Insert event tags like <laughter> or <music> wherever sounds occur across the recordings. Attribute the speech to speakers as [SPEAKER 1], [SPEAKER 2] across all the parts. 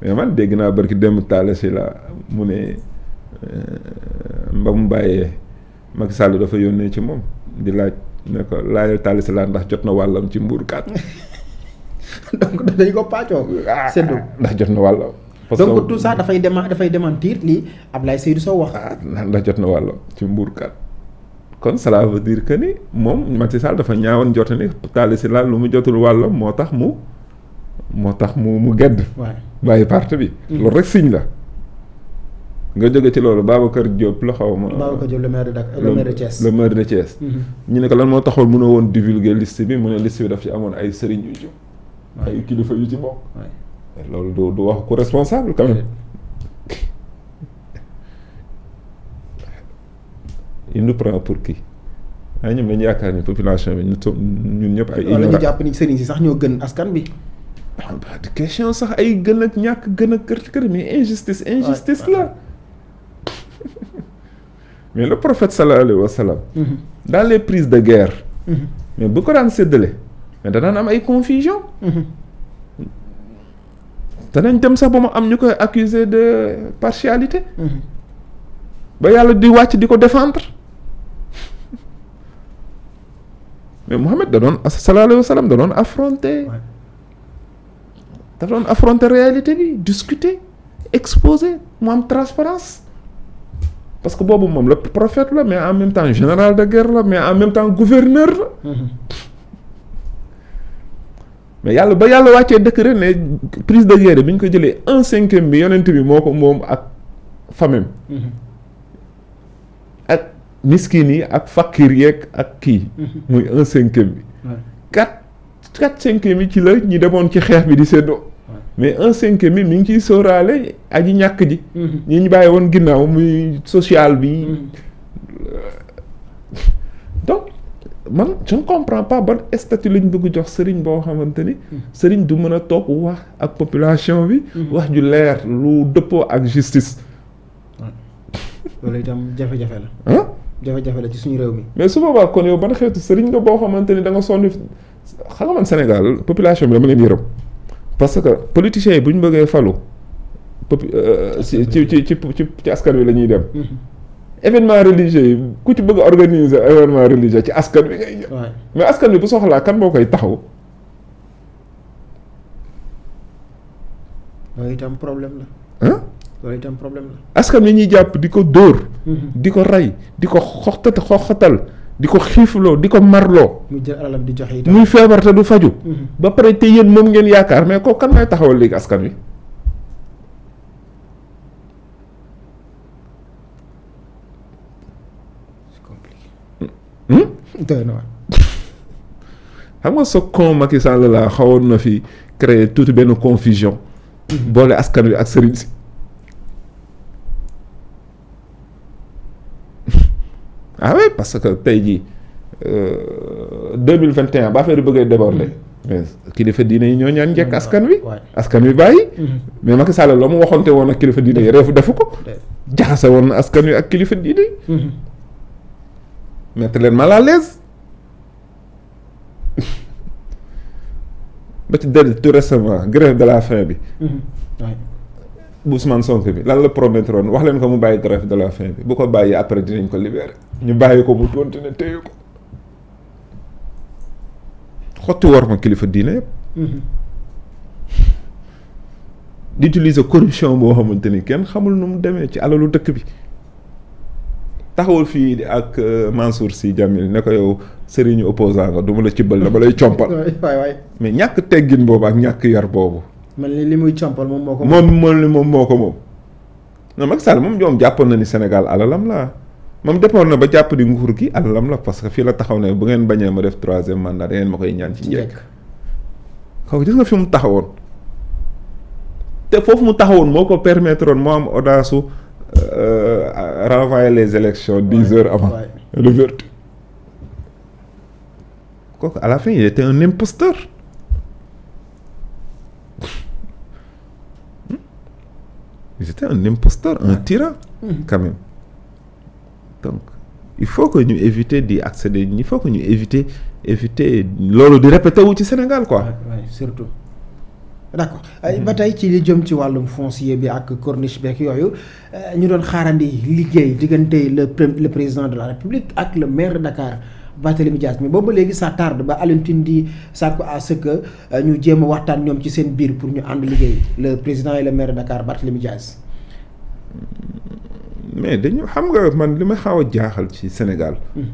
[SPEAKER 1] mais man dégg naa barki démb taale si mu ne mba euh, mu bàyyee Macky Sall dafa yónnee ci moom di laaj ne ko laajal taale ndax jot na wàllam ci mbuur kaat
[SPEAKER 2] <laughs> donc dañ ko pàccoo ah, séddoo
[SPEAKER 1] ndax na wàllam parce que donc tout
[SPEAKER 2] dema dafay démentir li Ablaye Seydou Sow wax ah,
[SPEAKER 1] ndax jot na wàllam ci mbuur kon cela veut ni moom Macky Sall dafa ñaawoon jot ni taale si la lu mu jotul wàllam moo tax mu moo tax mu mu gedd bàyyi parti bi mm. loolu rek signe la nga jóge ci loolu Babacar kër la xaw ma. Babacar Diop le maire de Dakar le mm-hmm. ñu ne ko lan moo taxoon mënoo woon divulguer liste bi mu ne liste bi daf ci amoon ay sëriñ yu ci. ay kilifa yu ci bokk. loolu du du wax ku responsable quand même. <laughs> il pour qui. ay ah, ñoom dañu yaakaar ni population bi ñu ñun ñëpp ay. ignorant la ñu jàpp ni sëriñ si sax ñoo gën askan bi. pas de question sax ay gën ak ñàkk gën ak kër kër mais injustice injustice la <laughs> mais le prophète sallallahu alayhi wa sallam mhm. dans les prises de guerre mhm. mais bu ko daan séddalee mais danaan am ay confusion mhm. danañ dem sax ba mu am ñu koy accuser de partialité ba yàlla di wàcc di ko défendre <laughs> mais Mohamed da doon sallallahu alayhi wa sallam da doon affronter dafa doon affronter réalité bi discuter exposer mu am transparence parce que boobu moom la prophète la mais en même temps général de guerre la mais en même temps gouverneur la. mais yàlla ba yàlla wàccee décret ne prise de guerre bi ñu ko jëlee un cinquième bi yonent bi moo ko moom ak famem ak miskin yi ak fakir yeeg ak kii. Mhm. muy un cinquième bi. quatre quatre cinquième yi ci la ñu demoon ci xeex bi di séddoo. mais un cinquième mi mi ngi ciy sóoraale aj ñàkk ji. Mm-hmm. ñi ñu bàyyi woon ginnaaw muy social bi. Mm-hmm. Euh, donc man je ne comprends pas ban statut lañ bëgg jox sëriñ boo xamante ni. Mm-hmm. sëriñ du mën a toog wax ak population bi. wax ju leer lu dëppoo ak justice.
[SPEAKER 2] loolu itam jafe-jafe la. ah <laughs> jafe-jafe la ci suñu réew mi.
[SPEAKER 1] mais su boobaa kon yow ban xeetu sëriñ nga boo xamante ni da nga sonn xam nga man Sénégal population bi dama leen yërëm. parce que politiciens yi bu ñu bëggee falu euh, euh, ci ci ci ci ci askan wi la ñuy dem.
[SPEAKER 2] Mm-hmm.
[SPEAKER 1] événement religieux yi ku ci bëgg organiser événement religieux ci askan wi ngay jëm. mais askan wi bu soxlaa kan moo koy taxaw.
[SPEAKER 2] loolu itam problème la. ah. loolu itam problème
[SPEAKER 1] askan wi ñuy jàpp di ko dóor. Mm-hmm. di ko rey di ko xoxtata xoxatal. di ko xiifloo di ko marloo.
[SPEAKER 2] muy jël di joxe itam muy feebar te
[SPEAKER 1] du faju mhm. ba pare te yéen moom ngeen yaakaar mais kooku kan lay taxawal léegi askan wi. Hmm? doy na xam nga sa con Macky Sall la xawoon na fi créer toute benn confusion. Mhm. boole askan wi ak sëriñ si. ah parce que tey jii euh, deux mille vingt et ba affaire yi bëggee déborder. Mm-hmm. kilifa diine yi ñoo ñaan njëkk askan wi. askan wi bàyyi. Mm-hmm. mais Macky Sall loo mu waxonte woon ak kilifa diine yi reefu defu ko. jaxase woon na askan wi ak kilifa diine yi. Mm-hmm. mettre leen mal <laughs> ba ci dellu tout récemment de la faim bi. bu Ousmane Sonko bi lan la promettre woon wax leen ko mu bàyyi grève de la faim bi bu ko bàyyi après dinañ ko libérer ñu bàyyi ko mu continuer téye ko xotti war ma kilifa diine yëpp mm-hmm. di utiliser corruption boo xamante ni kenn xamul nu mu demee ci alalu dëkk bi taxawul fii ak euh, Mansour Sy Djamil ne ko yow sëriñu opposant nga du ma la cibbal dama lay compal <laughs> mais ñàkk teggin boobu ak ñàkk yar boobu
[SPEAKER 2] mel ni li muy compal moom moo ko. moom
[SPEAKER 1] moom moom moo ko moom. non Macky Sall moom ñoom jàppoon na ni Sénégal alalam la moom depoon na ba jàpp ni nguur gi alalam la parce que fii la taxaw ne bu ngeen bañee ma def troisième mandat da ngeen ma koy ñaan ci njëkk. xaw gis nga fi mu taxawoon. te mu taxawoon moo ko permettre woon moo les élections dix heures avant. le un imposteur. j'étais un imposteur un tyran mhm. quand même donc il faut que ñu éviter di accéder il faut que ñu éviter éviter loolu di répété wu ci Sénégal quoi.
[SPEAKER 2] surtout d' accord mhm. ba tey ci li jëm ci wàllum foncier bi ak corniche beeg yooyu euh, ñu doon xaarandi liggéey diggante le le président de la République ak le maire de Barthélémy Dias mais boobu ba léegi ça tarde ba Alioune Tine di sàkku à ce que euh, ñu jéem a waxtaan ñoom ci seen biir pour ñu ànd liggéey le président et le maire de Dakar Barthélémy Dias.
[SPEAKER 1] mais dañu xam nga man li ma xaw a jaaxal ci Sénégal. Hmm.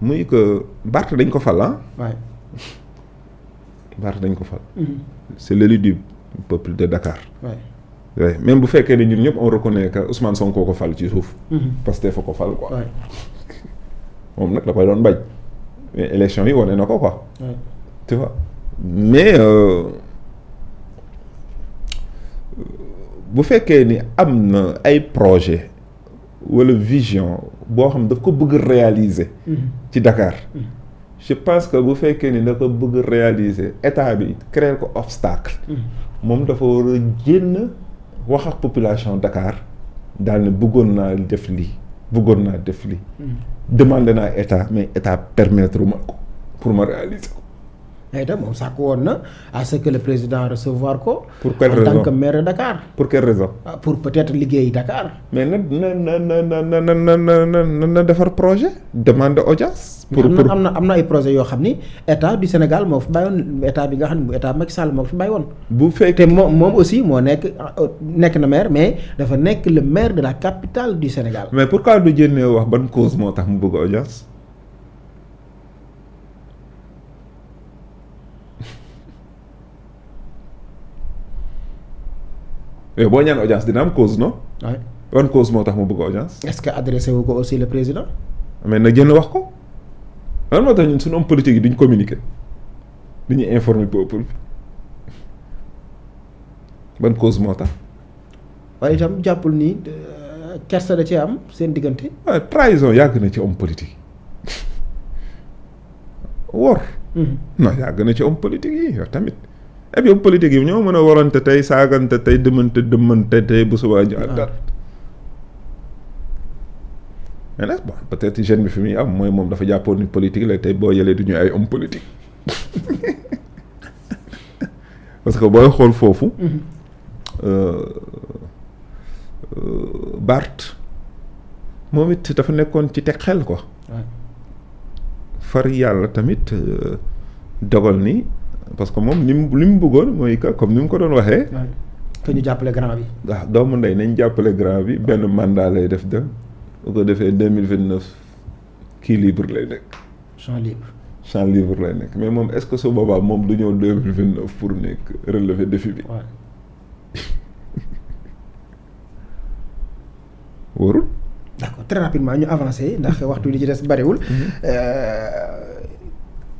[SPEAKER 1] muy que Barth dañ ko fal ah. Barth dañ ko fal. Hmm. c' est l'élu du peuple de Dakar. waay ouais. ouais. bu fekkee ne ñun ñëpp on reconnaît que Ousmane Sonko ko fal ci suuf. Hmm. Pastef foo ko fal quoi. moom nag da koy doon bañ mais élection yi wane na ko quoi. tu vois mais bu fekkee ni am na ay projet wala vision boo xam daf ko bëgg réaliser. ci Dakar. je pense que bu fekkee ni da ko bëgg réaliser état bi créer ko obstacle. moom dafa war a génn wax population Dakar daal ne bëggoon naa def lii bëggoon naa def li demandé naa état mais état permettre ma ko pour ma réaliser ko
[SPEAKER 2] mais tam moom sàkk woon na à ce que le président recevoir ko. pour quelle raison en tant que maire de pour quelle raison. pour peut-être liggéey Dakar. mais na na na na na na na na defar projet demande audience. pour pour am na am na ay projets yoo xam ni état du Sénégal moo fi bi nga xam ne état Macky Sall moo fi bàyyi woon. bu fekkee te moom moom aussi moo nekk nekk na maire mais dafa nekk le maire de la capital du Sénégal.
[SPEAKER 1] mais pourquoi du jéem wax ban cause moo tax mu bëgg audience. yooyu eh, boo ñaan audience dina am cause non. waay cause moo tax mu bëgg audience.
[SPEAKER 2] est-ce que ko aussi le
[SPEAKER 1] président. mais na génn wax ko lan moo tax ñun suñu homme politique yi duñ communiquer duñu informer peuple ban cause moo tax.
[SPEAKER 2] waaye itam jàppul ni euh, kersa da cee am seen diggante.
[SPEAKER 1] waaw trahison yàgg na ci homme politique <laughs> wor. Mhm. non yàgg na ci homme politique yi yow tamit. ak eh yow politique yi ñoo mën a warante tey saagante tey dëmante dëmante tey bu subaa ñu ak dara mais jeune bi fi muy am mooy moom dafa jàppoon ni politique la tey boo yëlee du ñu ay om politique <laughs> parce que booy xool foofu mm-hmm. euh, euh, Barth moom it dafa nekkoon ci teg xel ko far yàlla tamit euh, dogal ni parce que moom ni mu li mu bëggoon mooy que comme ni mu ko doon waxee. que ñu jàppale grand bi. waaw doomu ndey nañ jàppale grand bi benn mandat lay def de bu ko defee deux mille vingt neuf kii libre lay nekk. champ libre. champ libre lay nekk mais moom est ce que su boobaa moom du ñëw deux mille vingt neuf pour nekk relever défi bi. <laughs> wóorul.
[SPEAKER 2] d' accord rapidement ñu avancé ndax waxtu li ci des bariwul. Mhm. Euh,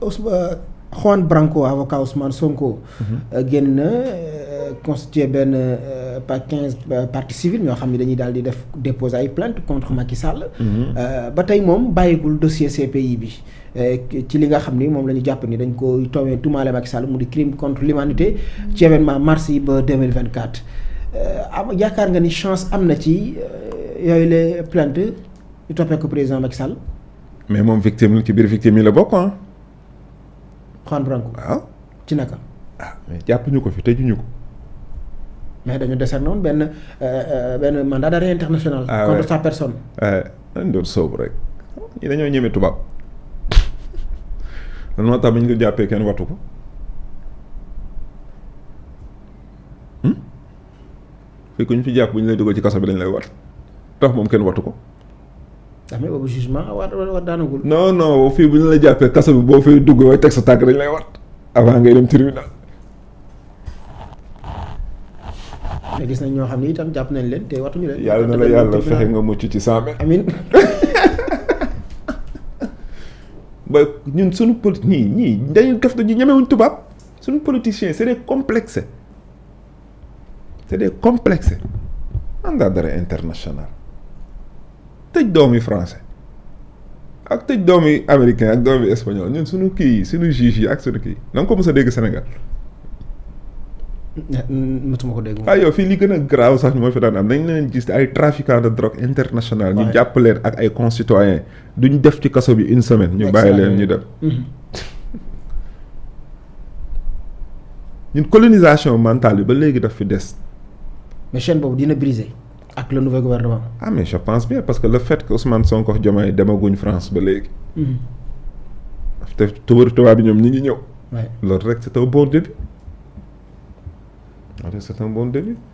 [SPEAKER 2] Ousmane. Juan Branco avocat Ousmane Sonko. Mhm. génn na euh, constitué benn euh, par quinze euh, partie civile ñoo xam ne dañuy daal di def déposer ay plainte contre Macky Sall. Mhm. ba tey moom bàyyigul dossier CPI bi. ci li nga xam ni moom la ñu jàpp ni dañ ko toowee tumaale Macky Sall mu di crime contre l'humanité mhm. ci événement mars yi ba 2024 am yaakaar nga ni chance am na ci yooyu les plainte ñu toppee ko président Macky Sall
[SPEAKER 1] mais moom victime la ci biir victime yi la bokk ah Juan Branco. waaw ci naka. ah mais jàpp ñu ko fi tëjuñu ko.
[SPEAKER 2] mais dañu décerné woon benn euh, euh, benn mandat d'arrêt international. ah contre sa personne.
[SPEAKER 1] Ah, dañ doon soobu rek. ñi dañoo ñeme tubaab. lan moo tax bi ñu ko jàppee kenn wattu ko. Hmm? fekk ñu fi jàpp bu ñu lay dugal ci kaso bi dañ lay wat tax moom kenn wattu ko.
[SPEAKER 2] ndax mais boobu jugement war
[SPEAKER 1] war fii bu ñu jàppee kaso bi boo fay dugg way teg sa tànk dañ lay war avant ngay dem tribunal.
[SPEAKER 2] mais gis nañ ñoo xam ne itam jàpp nañ leen te watuñu leen. yàlla na la yàlla fexe
[SPEAKER 1] nga ci saa amin <laughs> ba ñun suñu poli ñii ñii dañu def dañu ñemewuñ tubaab suñu politiciens c'est des complexes c'est des complexes mandat d'arrêt international. tëj doomi france ak tëj yi américain ak doomi espagnol ñun suñu kii yi suñu juge ak suñu kii na nga ko mos a dégg senegal
[SPEAKER 2] eh, mëtuma ko dégg ah yow
[SPEAKER 1] fii li gën a grave sax ñu moo fi daan am dañ leen gis ay trafiquants de drogue internationale ñu jàpp leen ak ay concitoyens duñ def ci kaso bi une semaine ñu bàyyi leen ñu dem mhm. ñun colonisation mentale bi ba léegi daf fi des
[SPEAKER 2] mais boobu dina briser ak le nouveau gouvernement.
[SPEAKER 1] ah mais je pense bien parce que ko le fait que Ousmane Sonko Diomaye demaguñ France ba léegi. Mhm. te tubaab tubaab bi ñoom ñi ngi ñëw. loolu rek c'est un bon début. loolu c'est un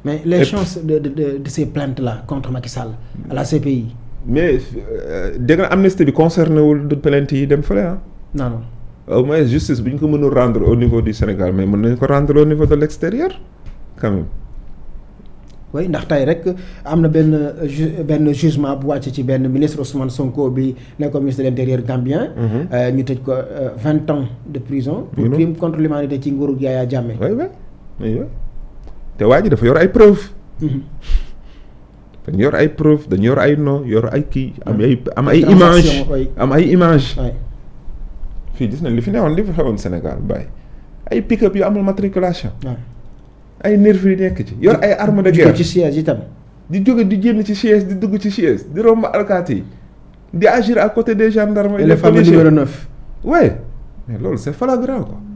[SPEAKER 2] mais les Et chances de de de de ces plaintes là contre Macky Sall
[SPEAKER 1] à la CPI. mais euh, dégg nga amnistie bi concerné wul du plainte yi dem fële ah. non non. au moins justice bi ñu ko mënul rendre au niveau du Sénégal mais mën nañ ko rendre au niveau de l'extérieur quand
[SPEAKER 2] oui ndax tey rek am na benn euh, ju benn jugement bu wàccee ci benn ministre Ousmane Sonko bi nekkoon ministre de l'intérieur gambien. Mhm. Euh, ñu tëj ko euh, vingt ans de prison. pour crime contre l'humanité ci nguuru Yaya Jammeh. oui oui
[SPEAKER 1] te waa ji dafa yor ay preuves. Mhm. dañu yor ay preuves dañu yor ay no yor ay kii am ay am mhm. image am ay image fii gis nañ li fi newoon li fi xewoon Sénégal bàyyi ay pick-up yu amul matriculation. ay nervi yi nekk ci yor ay armo de guerre ci siège itam di jóge di génn ci siège di dugg ci siège di romb alkaati yi di agir à côté des gendarmes et des policiers et le fameux numéro 9 ouais mais loolu c'est flagrant quoi